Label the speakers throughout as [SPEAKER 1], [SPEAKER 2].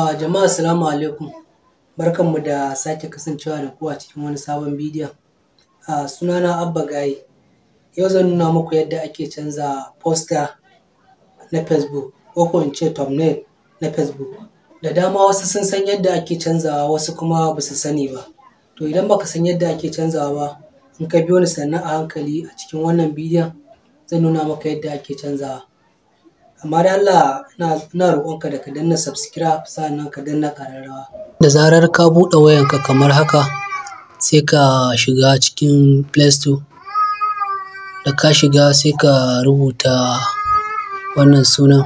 [SPEAKER 1] A uh, jama'a salamu alaikum barkanmu da sake kasancewa da ku a cikin wani sabon bidiyon uh, sunana abba gayi yau zan nuna muku yadda ake canza poster na facebook ko ko in ce thumbnail na facebook da dama wasu sun san yadda ake canzawa wasu kuma ba su sani ba to idan baka san yadda ake canzawa ba in ka biyo ni sannan a hankali a cikin wannan bidiyon zan nuna maka yadda ake canzawa amma da Allah ina roƙonka da ka danna subscribe sannan ka danna ƙararrawa da zarar ka buɗe wayanka kamar haka sai ka shiga cikin play store da ka shiga sai ka rubuta wannan sunan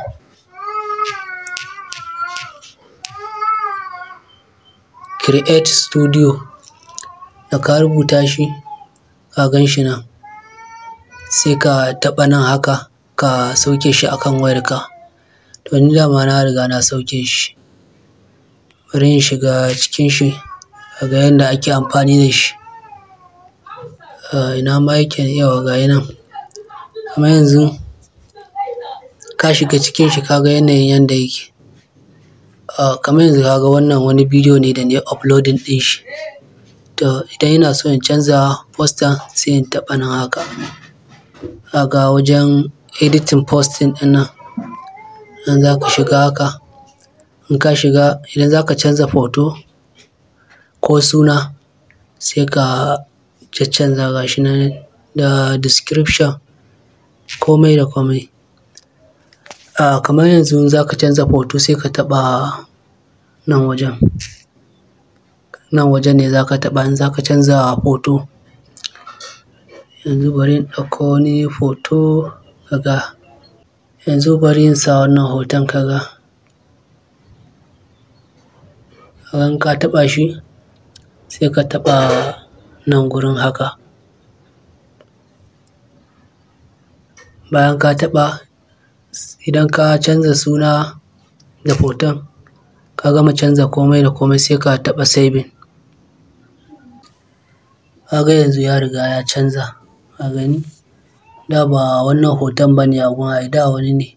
[SPEAKER 1] create studio da ka rubuta shi ka gan shi nan sai ka taɓa nan haka ka sauke shi a kan wayarka to ni dama na riga na sauke shi bari in shiga cikin shi ga yadda ake amfani da shi ina ma yake yawa ga yi nan yanzu ka shiga cikin shi kaga yanayin yanda yake kamar yanzu kaga wannan wani bidiyo ne da ne uploading ɗin shi to idan ina so in canza poster sai in taɓa nan haka kaga wajen editing posting ɗinnan nan za ka shiga haka in ka shiga idan za ka canza foto ko suna sai ka canza ga shi nan da description komai da komai a kamar yanzu za ka canza foto sai ka taɓa nan wajen nan wajen ne za ka taɓa in za ka canza foto, yanzu bari in ɗauko wani foto. kaga yanzu bari in sa wannan hoton kaga kaga ka taɓa shi sai ka taɓa nan gurin haka bayan ka taɓa idan ka canza suna da hoton ka gama canza komai da komai sai ka taɓa saving kaga ga yanzu ya riga ya canza a gani da ba wannan hoton ba ne abun ai da wani ne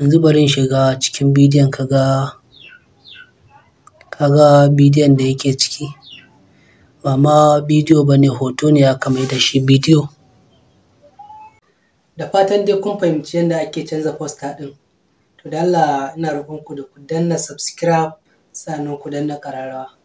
[SPEAKER 1] yanzu bari in shiga cikin bidiyon ka ga bidiyon da yake ciki ba ma bidiyo bane hoto ne ya kama da shi bidiyo da fatan dai kun fahimci yadda ake canza poster din, to da Allah ina roƙon ku da ku danna subscribe sannan ku danna ƙararrawa